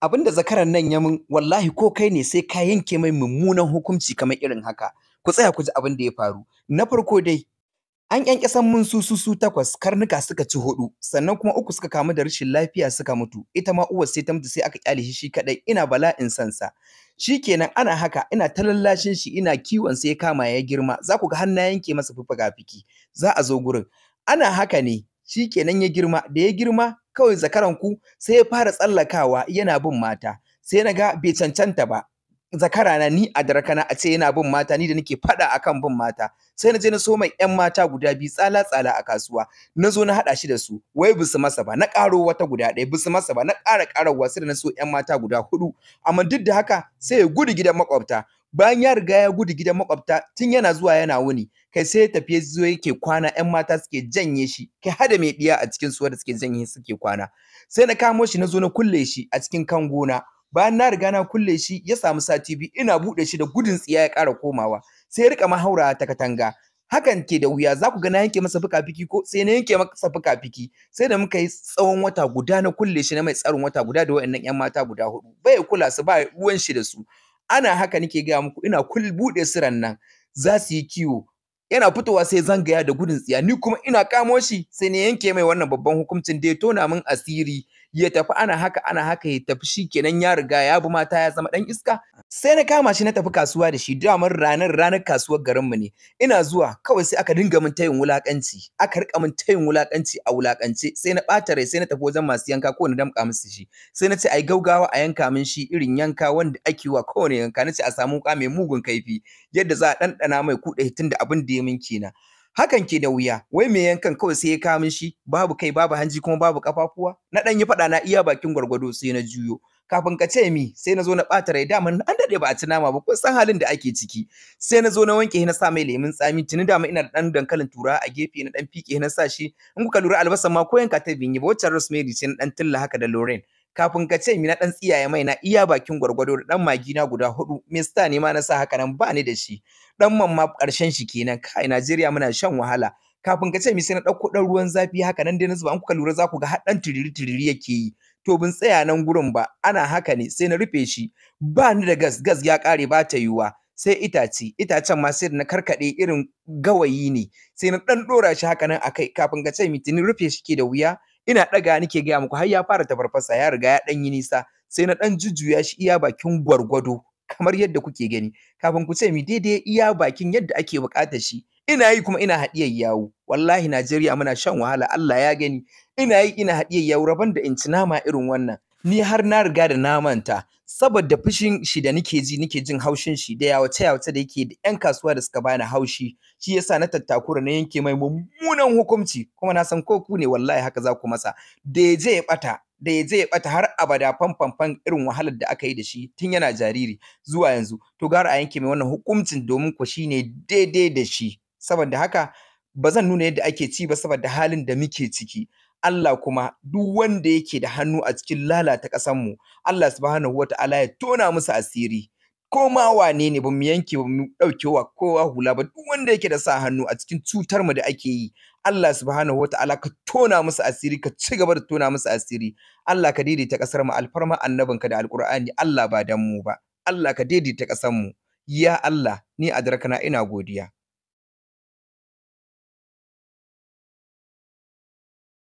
abin da zakaran nan ya mun wallahi ko kai ne sai ka yanke mai mummunan hukunci kamar irin haka ku tsaya ku ji abin da ya faru na farko dai an yan san mun su su takwas karnuka suka ci hudu sannan kuma uku suka kamu da rashin lafiya suka mutu ita ma uwar sai ta mutu sai aka kyale shi shi kadai ina bala'in sansa shikenan ana haka ina ta lallashin shi ina kiwon sai kama ya girma za ku ga hannaya yanke masa fufuka fiki za a zo gurin ana haka ne shikenan ya girma da ya girma kawai zakaran ku sai ya fara tsallakawa yana bin mata sai na ga bai cancanta ba zakara na ni a darakana a ce yana bin mata ni da nake fada akan bin mata sai na je na so mai yan mata guda biyu tsala tsala a kasuwa na zo na haɗa shi da su wai bisu masa ba na karo wata guda ɗaya bisu masa ba na ƙara ƙara sai da na so yan mata guda hudu amma duk da haka sai ya gudu gidan makwabta bayan ya riga ya gudu gidan makwabta tun yana zuwa yana wuni kai sai tafiye zuwa yake kwana yan mata suke janye shi kai hada mai diya a cikin suwar da suke janye suke kwana sai na kamo shi na zo na kulle shi a cikin kan gona bayan na riga na kulle shi ya samu sati biyu ina buɗe shi da gudun tsiya ya ƙara komawa sai rika riƙa mahaura ta katanga hakan ke da wuya za ku ga na yanke masa fuka-fiki ko sai na yanke masa fuka-fiki sai da muka yi tsawon wata guda na kulle shi na mai tsarin wata guda da wa'annan 'yan mata guda hudu bai kula su ba ruwan shi da su ana haka nake gaya muku ina kul buɗe siran nan za su yi kiwo yana fitowa sai zangaya da gudun tsiya ni kuma ina kamo shi sai ne yanke mai wannan babban hukuncin da ya tona min asiri ya tafi ana haka ana haka ya tafi shi kenan ya riga ya bi mata ya zama dan iska sai na kama shi na tafi kasuwa da shi damar ranar ranar kasuwar garinmu ne ina zuwa kawai sai aka dinga min tayin wulakanci aka rika min tayin wulakanci a wulakance sai na ɓata rai sai na tafi wajen masu yanka ko na damƙa musu shi sai na ce ai gaugawa a yanka min shi irin yanka wanda ake wa kowane yanka na ce a samu wuƙa mai mugun kaifi yadda za a ɗanɗana mai kuɗa hitin da abin da ya min kenan hakan ke da wuya wai me yankan kawai sai ya kama shi babu kai babu hanji kuma babu kafafuwa na ɗan yi faɗa na iya bakin gwargwado sai na juyo kafin ka ce mi sai na zo na ɓata rai dama an dade ba a ci nama ba kun san halin da ake ciki sai na zo na wanke na sa mai lemun tsami tuni dama ina da ɗan dankalin tura a gefe na ɗan fike na sa shi in kuka lura albasan ma ko yanka ta binyi ba waccan rosemary ce na ɗan tilla haka da lorraine kafin ka ce mi na ɗan tsiyaye mai na iya bakin gwargwado da ɗan magi na guda huɗu, mista ne ma na sa haka nan ba ni da shi ɗan man ma ƙarshen shi kenan kai Najeriya muna shan wahala kafin ka ce mi sai na ɗauko ɗan ruwan zafi haka nan dai na zuba an kuka lura za ku ga har ɗan tiriri tiriri yake yi to bin tsaya nan gurin ba ana haka ne sai na rufe shi ba ni da gas gas ya kare ba ta yiwuwa sai itace itacen ma sai na karkade irin gawayi ne sai na dan dora shi haka nan akai kafin ka ce mitini rufe shi ke da wuya ina daga nake gaya muku har ya fara tafarfasa ya riga ya dan yi nisa sai na dan jujjuya shi iya bakin gwargwado kamar yadda kuke gani kafin ku ce mi daidai iya bakin yadda ake buƙatar shi ina yi kuma ina haɗiyar yawo wallahi Najeriya muna shan wahala Allah ya gani ina yi ina haɗiyar yawo rabon da in ci nama irin wannan ni har na riga da na manta saboda fushin shi da nike ji nike jin haushin shi da yawace yawace da yake da yan kasuwa da suka bani haushi shi yasa na tattakura na yanke mai mummunan hukunci kuma na san ko ku ne wallahi haka za ku masa da ya je ya bata da ya je ya bata har abada fanfanfan irin wahalar da aka yi da shi tun yana jariri zuwa yanzu to gara a yanke mai wannan hukuncin domin ko shine daidai da shi saboda haka ba zan nuna yadda ake ci ba saboda halin da muke ciki Allah kuma duk wanda yake da hannu a cikin lalata kasanmu. Allah subhanahu wata'ala ya tona musu asiri Koma ma wane ne ba mu yanke ba mu ɗauke wa kowa hula ba duk wanda yake da sa hannu a cikin cutar mu da ake yi Allah subhanahu Ta'ala ka tona musu asiri ka ci gaba da tona musu asiri Allah ka daidaita kasar mu alfarma annabinka da alqur'ani Allah ba dan mu ba Allah ka daidaita kasar mu ya Allah ni adrakana ina godiya